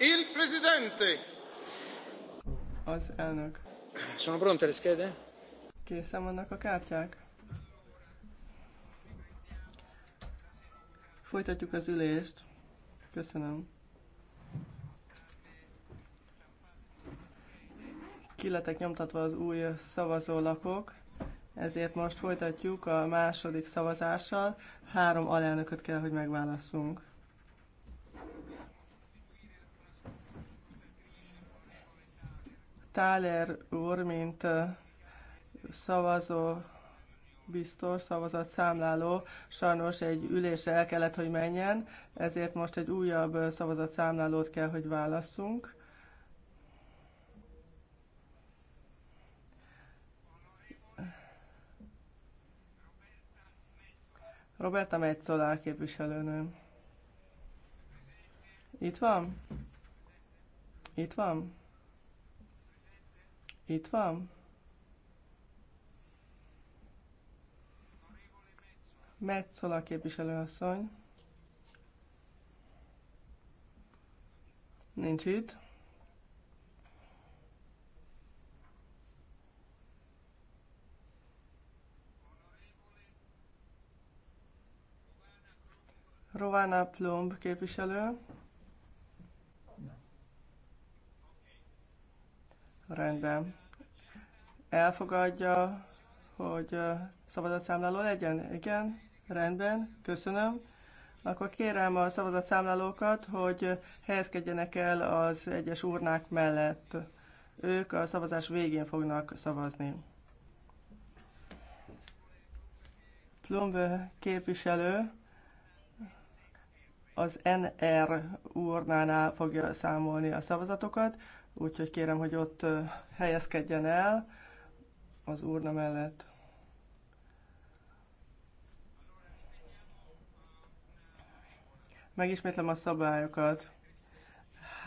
Il presidente. Az elnök. Sono pronte le schede? Készen vannak a kártyák? Folytatjuk az ülést. Köszönöm. Kiletek nyomtatva az új szavazólapok, ezért most folytatjuk a második szavazással. Három alelnököt kell, hogy megválasszunk. Táler úr, mint szavazó biztos szavazat számláló sajnos egy ülésre el kellett, hogy menjen, ezért most egy újabb szavazat számlálót kell, hogy válasszunk. Roberta Metzola képviselőnő. Itt van? Itt van? Itt van? Metzola képviselőasszony. Nincs itt. Rovana Plumb képviselő. Rendben. Elfogadja, hogy szavazatszámláló legyen? Igen? Rendben. Köszönöm. Akkor kérem a szavazatszámlálókat, hogy helyezkedjenek el az egyes urnák mellett. Ők a szavazás végén fognak szavazni. Plumb képviselő az NR urnánál fogja számolni a szavazatokat úgyhogy kérem, hogy ott helyezkedjen el az urna mellett. Megismétlem a szabályokat.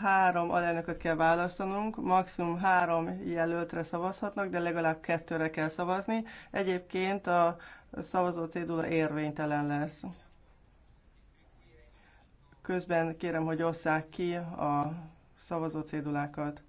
Három alelnököt kell választanunk, maximum három jelöltre szavazhatnak, de legalább kettőre kell szavazni. Egyébként a szavazó cédula érvénytelen lesz. Közben kérem, hogy osszák ki a szavazócédulákat.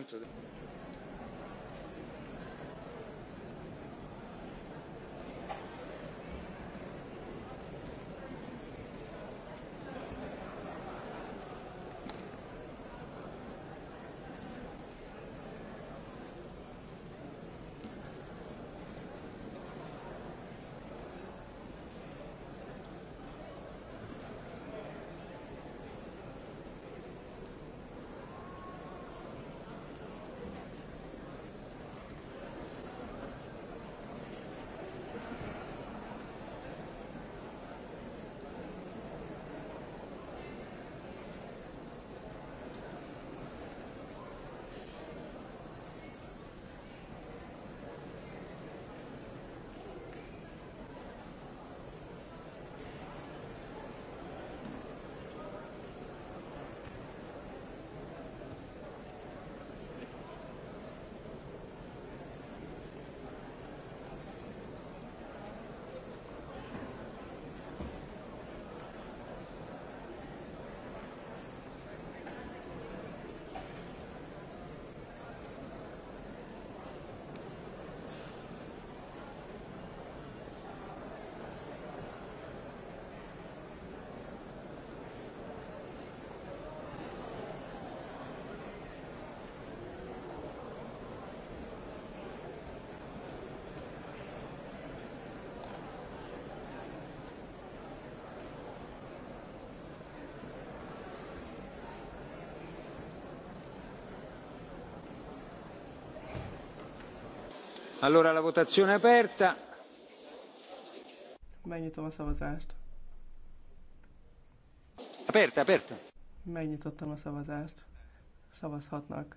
köszönöm. Allora la votazione è aperta. Megnyitom a szavazást. Aperta, aperta. Megnyitottam a szavazást. Szavazhatnak.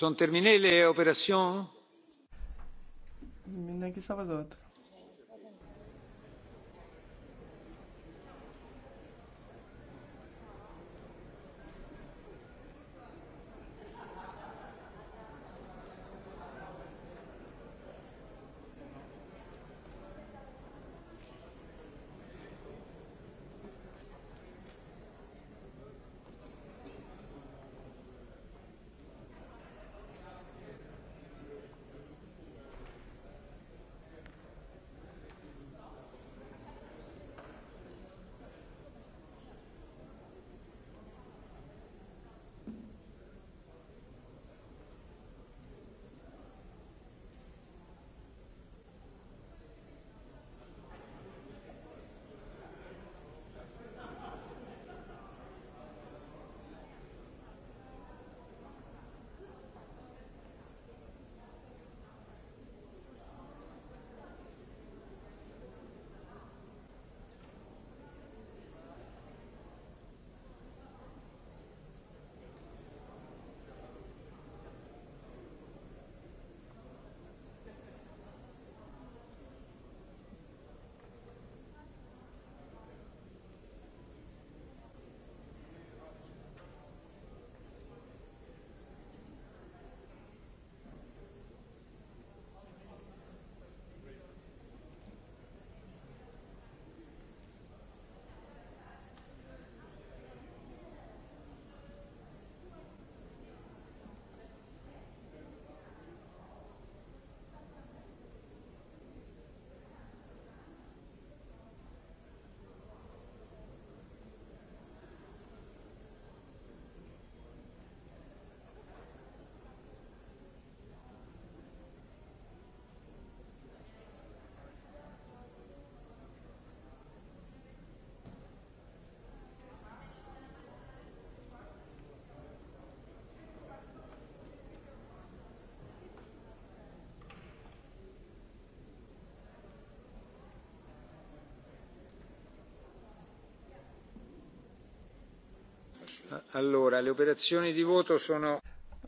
Sont terminées les opérations? Mindenki szavazott?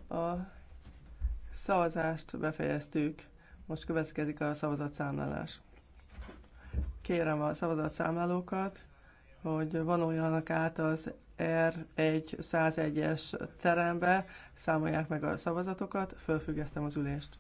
A szavazást befejeztük. Most következik a szavazatszámlálás. Kérem a szavazatszámlálókat, hogy vonuljanak át az R1-101-es terembe, számolják meg a szavazatokat, fölfüggesztem az ülést.